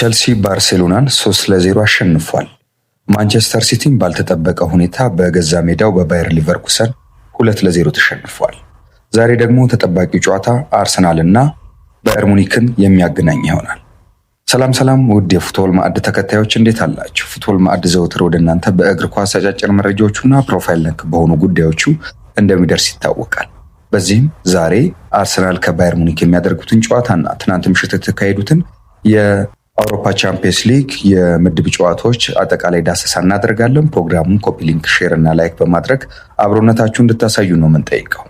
ቸልሲ ባርሴሎናን ሶስት ለዜሮ አሸንፏል። ማንቸስተር ሲቲም ባልተጠበቀ ሁኔታ በገዛ ሜዳው በባየር ሊቨርኩሰን ሁለት ለዜሮ ተሸንፏል። ዛሬ ደግሞ ተጠባቂው ጨዋታ አርሰናል እና ባየር ሙኒክን የሚያገናኝ ይሆናል። ሰላም ሰላም፣ ውድ የፉትቦል ማዕድ ተከታዮች እንዴት አላችሁ? ፉትቦል ማዕድ ዘውትር ወደ እናንተ በእግር ኳስ አጫጭር መረጃዎቹና ፕሮፋይል ነክ በሆኑ ጉዳዮቹ እንደሚደርስ ይታወቃል። በዚህም ዛሬ አርሰናል ከባየር ሙኒክ የሚያደርጉትን ጨዋታና ትናንት ምሽት የተካሄዱትን አውሮፓ ቻምፒየንስ ሊግ የምድብ ጨዋታዎች አጠቃላይ ዳሰሳ እናደርጋለን። ፕሮግራሙን ኮፒ ሊንክ፣ ሼር እና ላይክ በማድረግ አብሮነታችሁ እንድታሳዩ ነው የምንጠይቀው።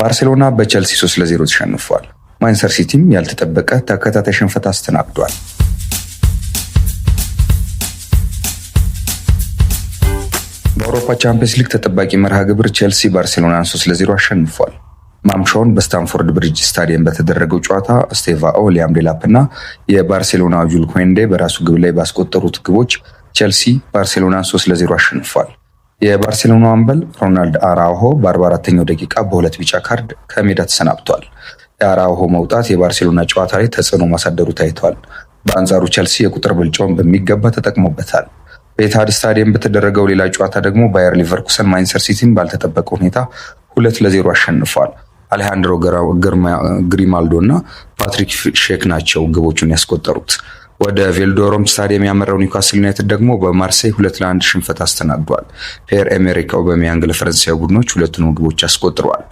ባርሴሎና በቼልሲ 3 ለ0 ተሸንፏል። ማንቸስተር ሲቲም ያልተጠበቀ ተከታታይ ሽንፈት አስተናግዷል። በአውሮፓ ቻምፒየንስ ሊግ ተጠባቂ መርሃ ግብር ቼልሲ ባርሴሎናን 3 ለ0 አሸንፏል። ማምሻውን በስታንፎርድ ብሪጅ ስታዲየም በተደረገው ጨዋታ ኦ፣ ሊያም ዴላፕ እና የባርሴሎና ጁል ኮንዴ በራሱ ግብ ላይ ባስቆጠሩት ግቦች ቼልሲ ባርሴሎናን ለ ለዜሮ አሸንፏል። የባርሴሎና አምበል ሮናልድ አራውሆ በ44ኛው ደቂቃ በሁለት ቢጫ ካርድ ከሜዳ ተሰናብቷል። የአራሆ መውጣት የባርሴሎና ጨዋታ ላይ ተጽዕኖ ማሳደሩ ታይቷል። በአንጻሩ ቼልሲ የቁጥር ብልጫውን በሚገባ ተጠቅሞበታል። በኢትሃድ ስታዲየም በተደረገው ሌላ ጨዋታ ደግሞ ባየር ሊቨርኩሰን ማንችስተር ሲቲን ባልተጠበቀ ሁኔታ ሁለት ለዜሮ አሸንፏል። አሌሃንድሮ ግሪማልዶ እና ፓትሪክ ሼክ ናቸው ግቦቹን ያስቆጠሩት። ወደ ቬልዶሮም ስታዲየም ያመራው ኒውካስል ዩናይትድ ደግሞ በማርሴይ ሁለት ለአንድ ሽንፈት አስተናግዷል። ፔር ኤሜሪክ ኦበሚያንግ ለፈረንሳዊ ቡድኖች ሁለቱንም ግቦች አስቆጥረዋል።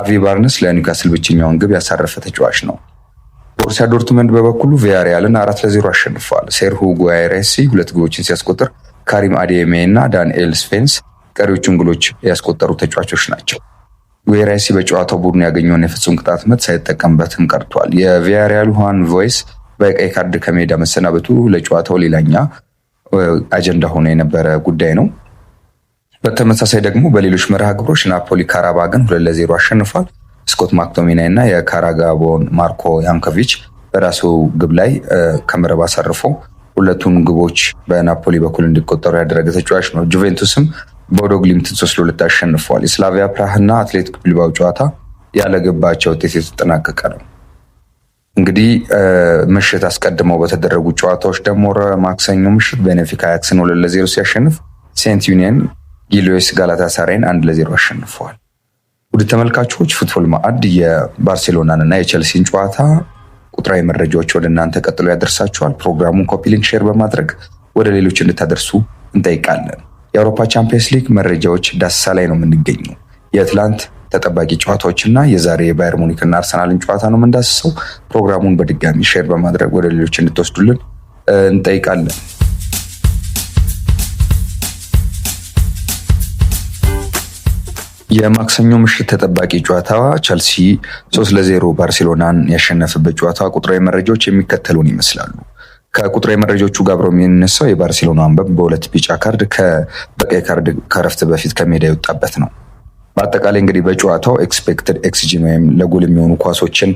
አቪ ባርነስ ለኒውካስል ብቸኛውን ግብ ያሳረፈ ተጫዋች ነው። ቦሩሲያ ዶርትመንድ በበኩሉ ቪያሪያልን አራት ለዜሮ አሸንፏል። ሴርሁ ጉያሬሲ ሁለት ግቦችን ሲያስቆጥር፣ ካሪም አዲሜ እና ዳንኤል ስፔንስ ቀሪዎቹን ግሎች ያስቆጠሩ ተጫዋቾች ናቸው። ጉሄሬሲ በጨዋታው ቡድኑ ያገኘውን የፍጹም ቅጣት ምት ሳይጠቀምበትም ቀርቷል። የቪያሪያል ሁዋን ቮይስ በቀይ ካርድ ከሜዳ መሰናበቱ ለጨዋታው ሌላኛ አጀንዳ ሆኖ የነበረ ጉዳይ ነው። በተመሳሳይ ደግሞ በሌሎች መርሃ ግብሮች ናፖሊ ካራባግን ሁለት ለዜሮ አሸንፏል። ስኮት ማክቶሚና እና የካራጋቦን ማርኮ ያንኮቪች በራሱ ግብ ላይ ከመረብ አሳርፎ ሁለቱን ግቦች በናፖሊ በኩል እንዲቆጠሩ ያደረገ ተጫዋች ነው። ጁቬንቱስም ቦዶግሊምትን ሶስት ለሁለት አሸንፈዋል። የስላቪያ ፕራህና አትሌቲክ ቢልባው ጨዋታ ያለገባቸው ውጤት የተጠናቀቀ ነው። እንግዲህ ምሽት አስቀድመው በተደረጉ ጨዋታዎች ደግሞ ማክሰኞ ምሽት ቤኔፊካ አያክስን ሁለት ለዜሮ ሲያሸንፍ ሴንት ዩኒየን ጊሎስ ጋላታሳራይን አንድ ለዜሮ አሸንፈዋል። ውድ ተመልካቾች ፉትቦል ማዕድ የባርሴሎናን እና የቸልሲን ጨዋታ ቁጥራዊ መረጃዎች ወደ እናንተ ቀጥሎ ያደርሳችኋል። ፕሮግራሙን ኮፒ ሊንክ ሼር በማድረግ ወደ ሌሎች እንድታደርሱ እንጠይቃለን። የአውሮፓ ቻምፒየንስ ሊግ መረጃዎች ዳሰሳ ላይ ነው የምንገኘው። የትላንት ተጠባቂ ጨዋታዎችና የዛሬ የባየር ሙኒክና አርሰናልን ጨዋታ ነው የምንዳስሰው። ፕሮግራሙን በድጋሚ ሼር በማድረግ ወደ ሌሎች እንድትወስዱልን እንጠይቃለን። የማክሰኞ ምሽት ተጠባቂ ጨዋታ ቸልሲ 3 ለዜሮ ባርሴሎናን ያሸነፈበት ጨዋታ ቁጥራዊ መረጃዎች የሚከተሉን ይመስላሉ። ከቁጥራዊ መረጃዎቹ ጋር አብሮ የሚነሳው የባርሴሎና አንበብ በሁለት ቢጫ ካርድ በቀይ ካርድ ከረፍት በፊት ከሜዳ የወጣበት ነው። በአጠቃላይ እንግዲህ በጨዋታው ኤክስፔክትድ ኤክስጂን ወይም ለጎል የሚሆኑ ኳሶችን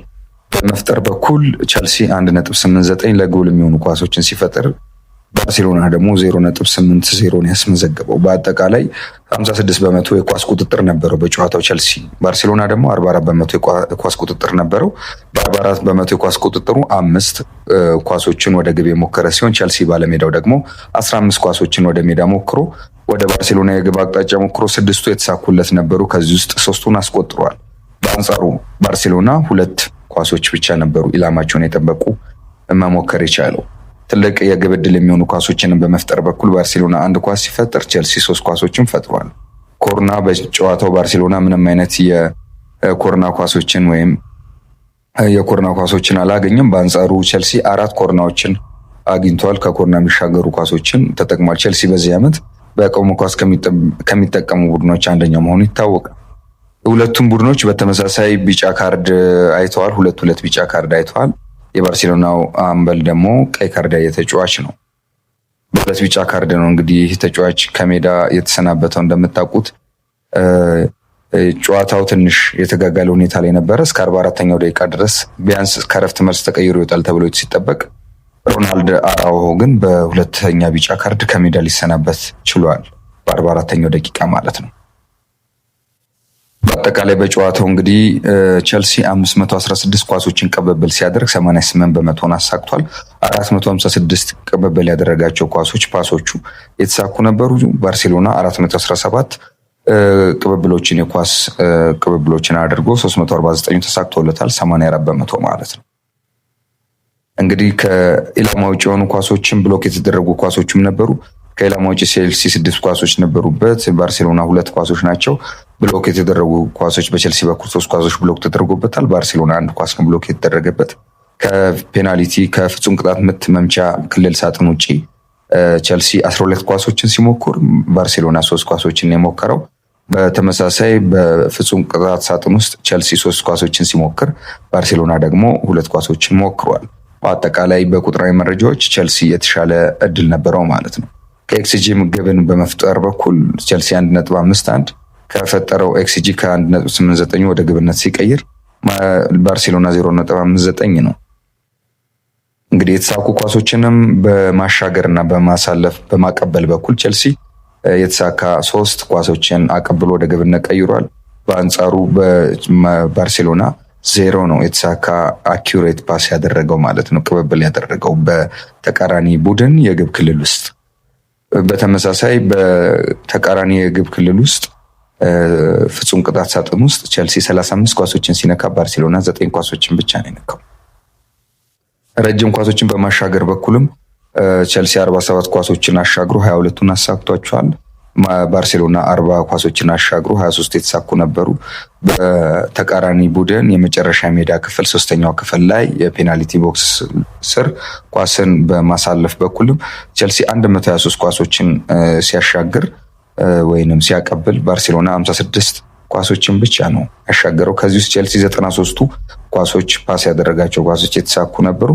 በመፍጠር በኩል ቸልሲ 1.89 ለጎል የሚሆኑ ኳሶችን ሲፈጥር ባርሴሎና ደግሞ ዜሮ ነጥብ ስምንት ዜሮን ያስመዘገበው በአጠቃላይ 56 በመቶ የኳስ ቁጥጥር ነበረው በጨዋታው ቸልሲ። ባርሴሎና ደግሞ 44 በመቶ የኳስ ቁጥጥር ነበረው። በ44 በመቶ የኳስ ቁጥጥሩ አምስት ኳሶችን ወደ ግብ የሞከረ ሲሆን ቸልሲ ባለሜዳው ደግሞ 15 ኳሶችን ወደ ሜዳ ሞክሮ ወደ ባርሴሎና የግብ አቅጣጫ ሞክሮ ስድስቱ የተሳኩለት ነበሩ። ከዚህ ውስጥ ሶስቱን አስቆጥሯል። በአንጻሩ ባርሴሎና ሁለት ኳሶች ብቻ ነበሩ ኢላማቸውን የጠበቁ መሞከር የቻለው። ትልቅ የግብ ዕድል የሚሆኑ ኳሶችንም በመፍጠር በኩል ባርሴሎና አንድ ኳስ ሲፈጥር ቼልሲ ሶስት ኳሶችን ፈጥሯል። ኮርና በጨዋታው ባርሴሎና ምንም አይነት የኮርና ኳሶችን ወይም የኮርና ኳሶችን አላገኘም። በአንጻሩ ቼልሲ አራት ኮርናዎችን አግኝተዋል። ከኮርና የሚሻገሩ ኳሶችን ተጠቅሟል። ቼልሲ በዚህ ዓመት በቆመ ኳስ ከሚጠቀሙ ቡድኖች አንደኛው መሆኑ ይታወቃል። ሁለቱም ቡድኖች በተመሳሳይ ቢጫ ካርድ አይተዋል። ሁለት ሁለት ቢጫ ካርድ አይተዋል። የባርሴሎናው አምበል ደግሞ ቀይ ካርድ ያየ ተጫዋች ነው። በሁለት ቢጫ ካርድ ነው እንግዲህ ይህ ተጫዋች ከሜዳ የተሰናበተው። እንደምታውቁት ጨዋታው ትንሽ የተጋጋለ ሁኔታ ላይ ነበረ። እስከ አርባ አራተኛው ደቂቃ ድረስ ቢያንስ ከረፍት መልስ ተቀይሮ ይወጣል ተብሎ ሲጠበቅ ሮናልድ አራውሆ ግን በሁለተኛ ቢጫ ካርድ ከሜዳ ሊሰናበት ችሏል። በአርባ አራተኛው ደቂቃ ማለት ነው። በአጠቃላይ በጨዋታው እንግዲህ ቸልሲ 516 ኳሶችን ቅብብል ሲያደርግ 88 በመቶን አሳክቷል። 456 ቅብብል ያደረጋቸው ኳሶች ፓሶቹ የተሳኩ ነበሩ። ባርሴሎና 417 ቅብብሎችን የኳስ ቅብብሎችን አድርጎ 349 ተሳክቶለታል፣ 84 በመቶ ማለት ነው። እንግዲህ ከኢላማ ውጭ የሆኑ ኳሶችን ብሎክ የተደረጉ ኳሶችም ነበሩ። ከኢላማ ውጭ ቼልሲ ስድስት ኳሶች ነበሩበት፣ ባርሴሎና ሁለት ኳሶች ናቸው። ብሎክ የተደረጉ ኳሶች በቸልሲ በኩል ሶስት ኳሶች ብሎክ ተደርጎበታል። ባርሴሎና አንድ ኳስ ነው ብሎክ የተደረገበት። ከፔናልቲ ከፍጹም ቅጣት ምት መምቻ ክልል ሳጥን ውጭ ቸልሲ 12 ኳሶችን ሲሞክር ባርሴሎና ሶስት ኳሶችን የሞከረው። በተመሳሳይ በፍጹም ቅጣት ሳጥን ውስጥ ቸልሲ ሶስት ኳሶችን ሲሞክር ባርሴሎና ደግሞ ሁለት ኳሶችን ሞክሯል። በአጠቃላይ በቁጥራዊ መረጃዎች ቸልሲ የተሻለ እድል ነበረው ማለት ነው። ከኤክስጂም ግብን በመፍጠር በኩል ቸልሲ አምስት አንድ ከፈጠረው ኤክስጂ ከ1.89 ወደ ግብነት ሲቀይር ባርሴሎና 0.59 ነው። እንግዲህ የተሳኩ ኳሶችንም በማሻገር ና በማሳለፍ በማቀበል በኩል ቼልሲ የተሳካ ሶስት ኳሶችን አቀብሎ ወደ ግብነት ቀይሯል። በአንጻሩ በባርሴሎና ዜሮ ነው የተሳካ አኪሬት ፓስ ያደረገው ማለት ነው፣ ቅብብል ያደረገው በተቃራኒ ቡድን የግብ ክልል ውስጥ። በተመሳሳይ በተቃራኒ የግብ ክልል ውስጥ ፍጹም ቅጣት ሳጥን ውስጥ ቸልሲ 35 ኳሶችን ሲነካ ባርሴሎና ዘጠኝ ኳሶችን ብቻ ነው የነካው። ረጅም ኳሶችን በማሻገር በኩልም ቸልሲ 47 ኳሶችን አሻግሮ 22ቱን አሳክቷቸዋል። ባርሴሎና 40 ኳሶችን አሻግሮ 23 የተሳኩ ነበሩ። በተቃራኒ ቡድን የመጨረሻ ሜዳ ክፍል ሶስተኛው ክፍል ላይ የፔናልቲ ቦክስ ስር ኳስን በማሳለፍ በኩልም ቸልሲ 123 ኳሶችን ሲያሻግር ወይንም ሲያቀብል ባርሴሎና 56 ኳሶችን ብቻ ነው ያሻገረው። ከዚህ ውስጥ ቼልሲ 93ቱ ኳሶች ፓስ ያደረጋቸው ኳሶች የተሳኩ ነበሩ።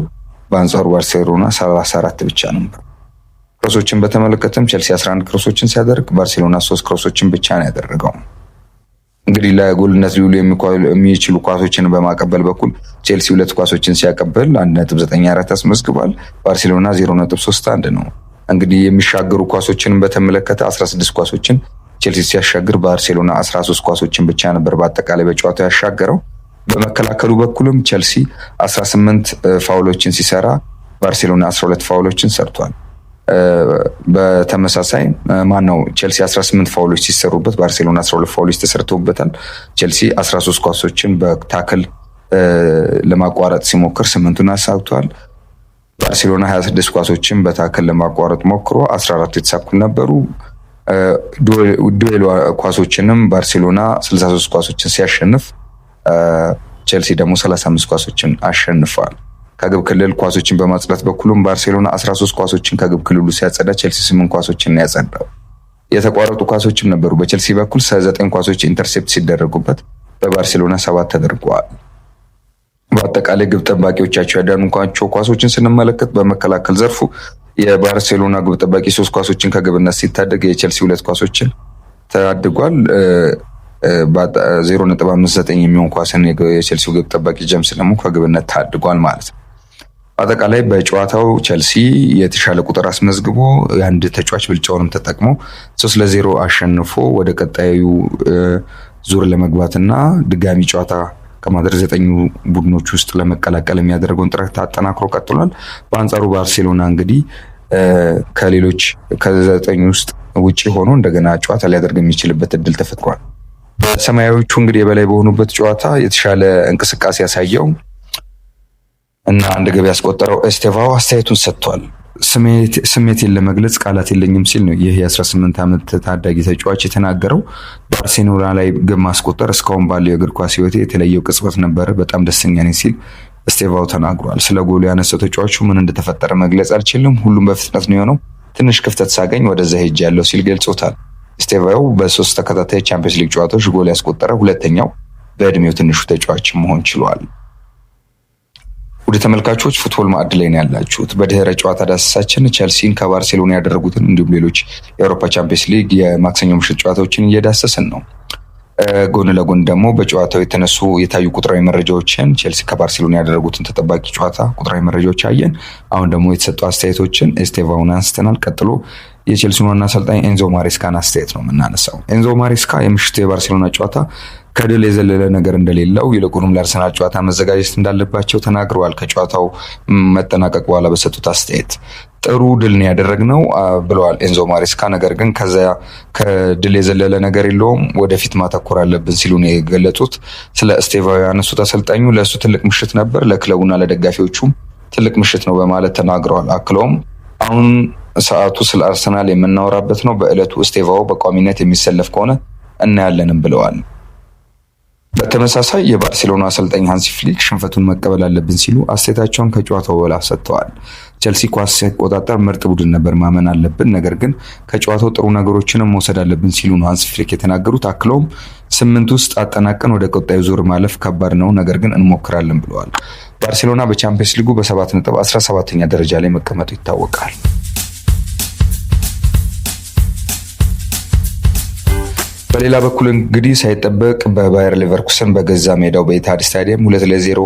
በአንጻሩ ባርሴሎና 34 ብቻ ነበር። ክሮሶችን በተመለከተም ቼልሲ 11 ክሮሶችን ሲያደርግ ባርሴሎና 3 ክሮሶችን ብቻ ነው ያደረገው። እንግዲህ ለጎልነት ሊውሉ የሚችሉ ኳሶችን በማቀበል በኩል ቼልሲ ሁለት ኳሶችን ሲያቀብል 1.94 አስመዝግቧል። ባርሴሎና 0.31 ነው። እንግዲህ የሚሻገሩ ኳሶችን በተመለከተ 16 ኳሶችን ቼልሲ ሲያሻግር ባርሴሎና 13 ኳሶችን ብቻ ነበር በአጠቃላይ በጨዋታው ያሻገረው። በመከላከሉ በኩልም ቼልሲ 18 ፋውሎችን ሲሰራ ባርሴሎና 12 ፋውሎችን ሰርቷል። በተመሳሳይ ማን ነው ቼልሲ 18 ፋውሎች ሲሰሩበት ባርሴሎና 12 ፋውሎች ተሰርተውበታል። ቼልሲ 13 ኳሶችን በታክል ለማቋረጥ ሲሞክር ስምንቱን አሳብቷል። ባርሴሎና 26 ኳሶችን በታከል ለማቋረጥ ሞክሮ 14 የተሳኩ ነበሩ። ዱዌል ኳሶችንም ባርሴሎና 63 ኳሶችን ሲያሸንፍ ቼልሲ ደግሞ 35 ኳሶችን አሸንፏል። ከግብ ክልል ኳሶችን በማጽዳት በኩልም ባርሴሎና 13 ኳሶችን ከግብ ክልሉ ሲያጸዳ ቼልሲ 8 ኳሶችን ያጸዳው። የተቋረጡ ኳሶችም ነበሩ። በቼልሲ በኩል 9 ኳሶች ኢንተርሴፕት ሲደረጉበት በባርሴሎና ሰባት ተደርገዋል። በአጠቃላይ ግብ ጠባቂዎቻቸው ያዳኑኳቸው ኳሶችን ስንመለከት በመከላከል ዘርፉ የባርሴሎና ግብ ጠባቂ ሶስት ኳሶችን ከግብነት ሲታደግ የቼልሲ ሁለት ኳሶችን ታድጓል። ዜሮ ነጥብ አምስት ዘጠኝ የሚሆን ኳስን የቼልሲው ግብ ጠባቂ ጀምስ ደግሞ ከግብነት ታድጓል ማለት ነው። በአጠቃላይ በጨዋታው ቼልሲ የተሻለ ቁጥር አስመዝግቦ የአንድ ተጫዋች ብልጫውንም ተጠቅሞ ሶስት ለዜሮ አሸንፎ ወደ ቀጣዩ ዙር ለመግባትና ድጋሚ ጨዋታ ከማድር ዘጠኙ ቡድኖች ውስጥ ለመቀላቀል የሚያደርገውን ጥረት አጠናክሮ ቀጥሏል። በአንጻሩ ባርሴሎና እንግዲህ ከሌሎች ከዘጠኝ ውስጥ ውጪ ሆኖ እንደገና ጨዋታ ሊያደርግ የሚችልበት እድል ተፈጥሯል። ሰማያዊዎቹ እንግዲህ የበላይ በሆኑበት ጨዋታ የተሻለ እንቅስቃሴ ያሳየው እና አንድ ግብ ያስቆጠረው ኤስቴቫኦ አስተያየቱን ሰጥቷል። ስሜቴን ለመግለጽ ቃላት የለኝም ሲል ነው ይህ የ18 ዓመት ታዳጊ ተጫዋች የተናገረው። በአርሴናል ላይ ግብ ማስቆጠር እስካሁን ባለው የእግር ኳስ ህይወቴ የተለየው ቅጽበት ነበረ። በጣም ደስተኛ ነኝ ሲል ስቴቫው ተናግሯል። ስለ ጎሉ ያነሳው ተጫዋቹ ምን እንደተፈጠረ መግለጽ አልችልም። ሁሉም በፍጥነት ነው የሆነው። ትንሽ ክፍተት ሳገኝ ወደዛ ሄጅ ያለው ሲል ገልጾታል። ስቴቫው በሶስት ተከታታይ ቻምፒየንስ ሊግ ጨዋታዎች ጎል ያስቆጠረ ሁለተኛው በእድሜው ትንሹ ተጫዋች መሆን ችሏል። ወደ ተመልካቾች ፉትቦል ማዕድ ላይ ነው ያላችሁት። በድህረ ጨዋታ ዳሰሳችን ቸልሲን ከባርሴሎና ያደረጉትን እንዲሁም ሌሎች የአውሮፓ ቻምፒየንስ ሊግ የማክሰኞ ምሽት ጨዋታዎችን እየዳሰስን ነው። ጎን ለጎን ደግሞ በጨዋታው የተነሱ የታዩ ቁጥራዊ መረጃዎችን ቸልሲ ከባርሴሎና ያደረጉትን ተጠባቂ ጨዋታ ቁጥራዊ መረጃዎች አየን። አሁን ደግሞ የተሰጡ አስተያየቶችን ኤስቴቫውን አንስተናል። ቀጥሎ የቼልሲን ዋና አሰልጣኝ ኤንዞ ማሬስካን አስተያየት ነው የምናነሳው። ኤንዞ ማሬስካ የምሽቱ የባርሴሎና ጨዋታ ከድል የዘለለ ነገር እንደሌለው ይልቁንም ለአርሰናል ጨዋታ መዘጋጀት እንዳለባቸው ተናግረዋል። ከጨዋታው መጠናቀቅ በኋላ በሰጡት አስተያየት ጥሩ ድል ነው ያደረግነው ብለዋል ኤንዞ ማሬስካ። ነገር ግን ከዛ ከድል የዘለለ ነገር የለውም፣ ወደፊት ማተኮር አለብን ሲሉ ነው የገለጹት። ስለ ስቴቫ ያነሱት አሰልጣኙ ለእሱ ትልቅ ምሽት ነበር፣ ለክለቡና ለደጋፊዎቹም ትልቅ ምሽት ነው በማለት ተናግረዋል። አክለውም አሁን ሰዓቱ ስለ አርሰናል የምናወራበት ነው፣ በእለቱ ስቴቫው በቋሚነት የሚሰለፍ ከሆነ እናያለንም ብለዋል። በተመሳሳይ የባርሴሎና አሰልጣኝ ሃንሲ ፍሊክ ሽንፈቱን መቀበል አለብን ሲሉ አስተያየታቸውን ከጨዋታው በኋላ ሰጥተዋል። ቸልሲ ኳስ ሲቆጣጠር ምርጥ ቡድን ነበር፣ ማመን አለብን፣ ነገር ግን ከጨዋታው ጥሩ ነገሮችንም መውሰድ አለብን ሲሉ ነው ሃንሲ ፍሊክ የተናገሩት። አክለውም ስምንት ውስጥ አጠናቀን ወደ ቀጣዩ ዙር ማለፍ ከባድ ነው፣ ነገር ግን እንሞክራለን ብለዋል። ባርሴሎና በቻምፒየንስ ሊጉ በሰባት ነጥብ 17ኛ ደረጃ ላይ መቀመጡ ይታወቃል። በሌላ በኩል እንግዲህ ሳይጠበቅ በባየር ሌቨርኩሰን በገዛ ሜዳው በኢታድ ስታዲየም ሁለት ለዜሮ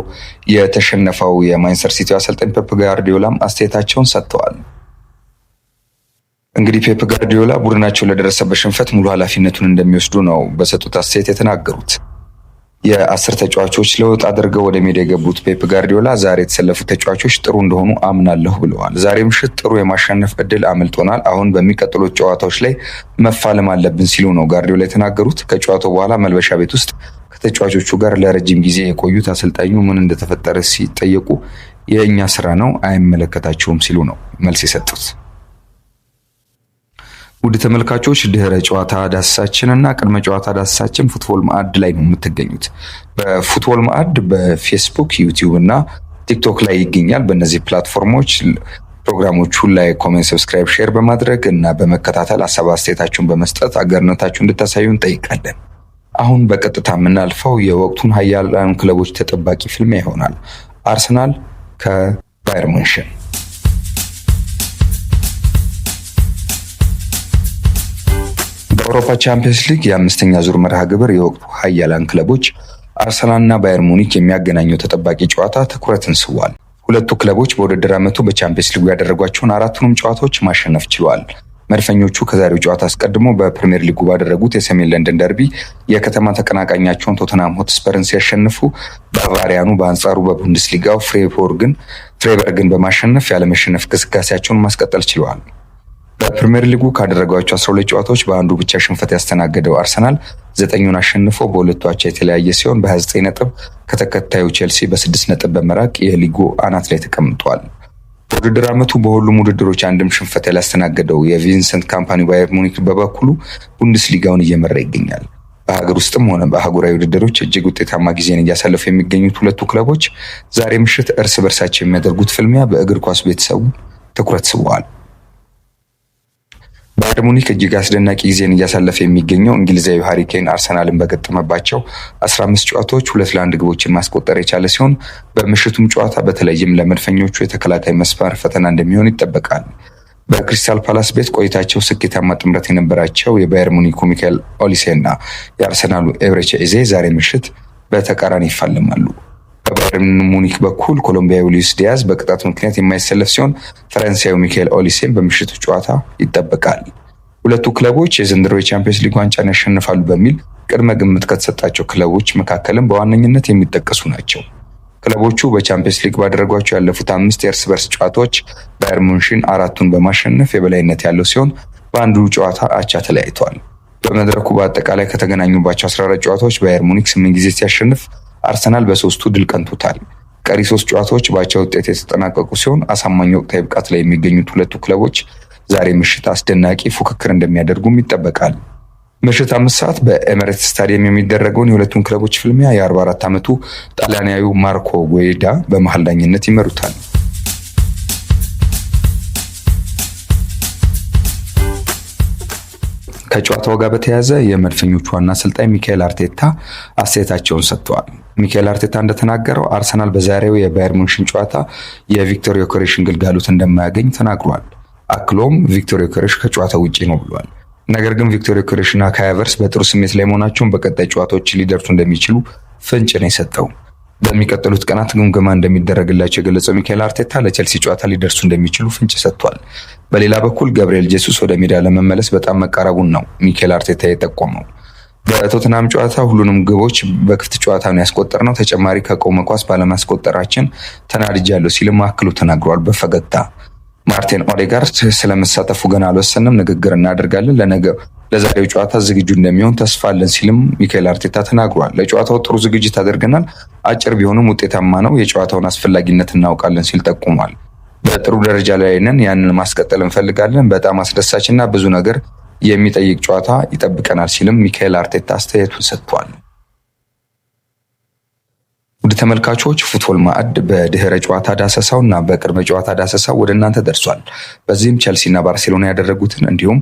የተሸነፈው የማንቸስተር ሲቲ አሰልጣኝ ፔፕ ጋርዲዮላም አስተያየታቸውን ሰጥተዋል። እንግዲህ ፔፕ ጋርዲዮላ ቡድናቸው ለደረሰበት ሽንፈት ሙሉ ኃላፊነቱን እንደሚወስዱ ነው በሰጡት አስተያየት የተናገሩት። የአስር ተጫዋቾች ለውጥ አድርገው ወደ ሜዳ የገቡት ፔፕ ጋርዲዮላ ዛሬ የተሰለፉት ተጫዋቾች ጥሩ እንደሆኑ አምናለሁ ብለዋል። ዛሬ ምሽት ጥሩ የማሸነፍ እድል አምልጦናል። አሁን በሚቀጥሉት ጨዋታዎች ላይ መፋለም አለብን ሲሉ ነው ጋርዲዮላ የተናገሩት። ከጨዋታው በኋላ መልበሻ ቤት ውስጥ ከተጫዋቾቹ ጋር ለረጅም ጊዜ የቆዩት አሰልጣኙ ምን እንደተፈጠረ ሲጠየቁ የእኛ ስራ ነው አይመለከታቸውም ሲሉ ነው መልስ የሰጡት። ውድ ተመልካቾች ድህረ ጨዋታ ዳሰሳችን እና ቅድመ ጨዋታ ዳሰሳችን ፉትቦል ማዕድ ላይ ነው የምትገኙት። በፉትቦል ማዕድ በፌስቡክ ዩቲዩብ እና ቲክቶክ ላይ ይገኛል። በእነዚህ ፕላትፎርሞች ፕሮግራሞቹን ላይ ኮሜንት፣ ሰብስክራይብ፣ ሼር በማድረግ እና በመከታተል ሀሳብ አስተያየታችሁን በመስጠት አጋርነታችሁን እንድታሳዩ እንጠይቃለን። አሁን በቀጥታ የምናልፈው የወቅቱን ሀያላን ክለቦች ተጠባቂ ፍልሚያ ይሆናል። አርሰናል ከባየር ሙንሽን በአውሮፓ ቻምፒየንስ ሊግ የአምስተኛ ዙር መርሃ ግብር የወቅቱ ሀያላን ክለቦች አርሰናልና ባየር ሙኒክ የሚያገናኘው ተጠባቂ ጨዋታ ትኩረትን ስቧል። ሁለቱ ክለቦች በውድድር ዓመቱ በቻምፒየንስ ሊጉ ያደረጓቸውን አራቱንም ጨዋታዎች ማሸነፍ ችለዋል። መድፈኞቹ ከዛሬው ጨዋታ አስቀድሞ በፕሪምየር ሊጉ ባደረጉት የሰሜን ለንደን ደርቢ የከተማ ተቀናቃኛቸውን ቶተናም ሆትስፐርን ሲያሸንፉ ባቫሪያኑ በአንጻሩ በቡንደስሊጋው ፍሬቦርግን ፍሬበርግን በማሸነፍ ያለመሸነፍ እንቅስቃሴያቸውን ማስቀጠል ችለዋል። በፕሪምየር ሊጉ ካደረጓቸው 12 ጨዋታዎች በአንዱ ብቻ ሽንፈት ያስተናገደው አርሰናል ዘጠኙን አሸንፎ በሁለቱ አቻ የተለያየ ሲሆን በ29 ነጥብ ከተከታዩ ቼልሲ በስድስት ነጥብ በመራቅ የሊጉ አናት ላይ ተቀምጧል። በውድድር ዓመቱ በሁሉም ውድድሮች አንድም ሽንፈት ያላስተናገደው የቪንሰንት ካምፓኒ ባየር ሙኒክ በበኩሉ ሊጋውን እየመራ ይገኛል። በሀገር ውስጥም ሆነ በአህጉራዊ ውድድሮች እጅግ ውጤታማ ጊዜን እያሳለፉ የሚገኙት ሁለቱ ክለቦች ዛሬ ምሽት እርስ በርሳቸው የሚያደርጉት ፍልሚያ በእግር ኳስ ቤተሰቡ ትኩረት ስበዋል። ባየር ሙኒክ እጅግ አስደናቂ ጊዜን እያሳለፈ የሚገኘው እንግሊዛዊ ሀሪኬን አርሰናልን በገጠመባቸው 15 ጨዋታዎች ሁለት ለአንድ ግቦችን ማስቆጠር የቻለ ሲሆን በምሽቱም ጨዋታ በተለይም ለመድፈኞቹ የተከላካይ መስመር ፈተና እንደሚሆን ይጠበቃል። በክሪስታል ፓላስ ቤት ቆይታቸው ስኬታማ ጥምረት የነበራቸው የባየር ሙኒኩ ሚካኤል ኦሊሴ እና የአርሰናሉ ኤብሬቺ ኤዜ ዛሬ ምሽት በተቃራኒ ይፋለማሉ። በባየርን ሙኒክ በኩል ኮሎምቢያዊ ሉዊስ ዲያዝ በቅጣት ምክንያት የማይሰለፍ ሲሆን ፈረንሳዊ ሚካኤል ኦሊሴን በምሽቱ ጨዋታ ይጠበቃል። ሁለቱ ክለቦች የዘንድሮ የቻምፒየንስ ሊግ ዋንጫን ያሸንፋሉ በሚል ቅድመ ግምት ከተሰጣቸው ክለቦች መካከልም በዋነኝነት የሚጠቀሱ ናቸው። ክለቦቹ በቻምፒየንስ ሊግ ባደረጓቸው ያለፉት አምስት የእርስ በርስ ጨዋታዎች ባየር ሙንሽን አራቱን በማሸነፍ የበላይነት ያለው ሲሆን በአንዱ ጨዋታ አቻ ተለያይቷል። በመድረኩ በአጠቃላይ ከተገናኙባቸው 14 ጨዋታዎች ባየር ሙኒክ ስምንት ጊዜ ሲያሸንፍ አርሰናል በሶስቱ ድል ቀንቶታል። ቀሪ ሶስት ጨዋታዎች በአቻ ውጤት የተጠናቀቁ ሲሆን አሳማኝ ወቅታዊ ብቃት ላይ የሚገኙት ሁለቱ ክለቦች ዛሬ ምሽት አስደናቂ ፉክክር እንደሚያደርጉም ይጠበቃል። ምሽት አምስት ሰዓት በኤሜሬትስ ስታዲየም የሚደረገውን የሁለቱን ክለቦች ፍልሚያ የ44 ዓመቱ ጣሊያናዊው ማርኮ ጎይዳ በመሀል ዳኝነት ይመሩታል። ከጨዋታው ጋር በተያያዘ የመድፈኞቹ ዋና አሰልጣኝ ሚካኤል አርቴታ አስተያየታቸውን ሰጥተዋል። ሚካኤል አርቴታ እንደተናገረው አርሰናል በዛሬው የባየር ሙንሽን ጨዋታ የቪክቶር ዮከሬሽን ግልጋሎት እንደማያገኝ ተናግሯል። አክሎም ቪክቶር ዮከሬሽ ከጨዋታው ውጪ ነው ብሏል። ነገር ግን ቪክቶር ዮከሬሽና ካያቨርስ በጥሩ ስሜት ላይ መሆናቸውን በቀጣይ ጨዋታዎች ሊደርሱ እንደሚችሉ ፍንጭ ነው የሰጠው። በሚቀጥሉት ቀናት ግምገማ እንደሚደረግላቸው የገለጸው ሚካኤል አርቴታ ለቼልሲ ጨዋታ ሊደርሱ እንደሚችሉ ፍንጭ ሰጥቷል። በሌላ በኩል ገብርኤል ጄሱስ ወደ ሜዳ ለመመለስ በጣም መቃረቡን ነው ሚካኤል አርቴታ የጠቆመው። በቶትናም ጨዋታ ሁሉንም ግቦች በክፍት ጨዋታ ያስቆጠር ነው። ተጨማሪ ከቆመ ኳስ ባለማስቆጠራችን ተናድጃለሁ ሲልም አክሎ ተናግሯል። በፈገግታ ማርቲን ኦዴጋርድ ስለመሳተፉ ገና አልወሰንም፣ ንግግር እናደርጋለን ለነገ ለዛሬው ጨዋታ ዝግጁ እንደሚሆን ተስፋ አለን ሲልም ሚካኤል አርቴታ ተናግሯል። ለጨዋታው ጥሩ ዝግጅት አድርገናል፣ አጭር ቢሆንም ውጤታማ ነው። የጨዋታውን አስፈላጊነት እናውቃለን ሲል ጠቁሟል። በጥሩ ደረጃ ላይ ነን፣ ያንን ማስቀጠል እንፈልጋለን። በጣም አስደሳችና ብዙ ነገር የሚጠይቅ ጨዋታ ይጠብቀናል ሲልም ሚካኤል አርቴታ አስተያየቱን ሰጥቷል። ውድ ተመልካቾች ፉትቦል ማዕድ በድህረ ጨዋታ ዳሰሳው እና በቅድመ ጨዋታ ዳሰሳው ወደ እናንተ ደርሷል። በዚህም ቸልሲና ባርሴሎና ያደረጉትን እንዲሁም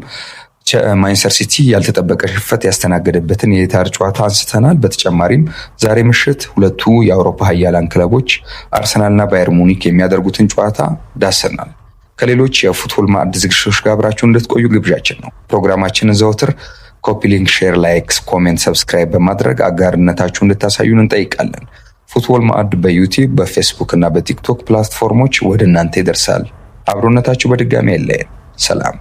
ማንቸስተር ሲቲ ያልተጠበቀ ሽንፈት ያስተናገደበትን የታር ጨዋታ አንስተናል። በተጨማሪም ዛሬ ምሽት ሁለቱ የአውሮፓ ሀያላን ክለቦች አርሰናልና ባየር ሙኒክ የሚያደርጉትን ጨዋታ ዳሰናል። ከሌሎች የፉትቦል ማዕድ ዝግጅቶች ጋር አብራችሁ እንድትቆዩ ግብዣችን ነው። ፕሮግራማችንን ዘወትር ኮፒሊንግ፣ ሼር፣ ላይክስ፣ ኮሜንት፣ ሰብስክራይብ በማድረግ አጋርነታችሁ እንድታሳዩን እንጠይቃለን። ፉትቦል ማዕድ በዩቲዩብ በፌስቡክ እና በቲክቶክ ፕላትፎርሞች ወደ እናንተ ይደርሳል። አብሮነታችሁ በድጋሚ የለየን። ሰላም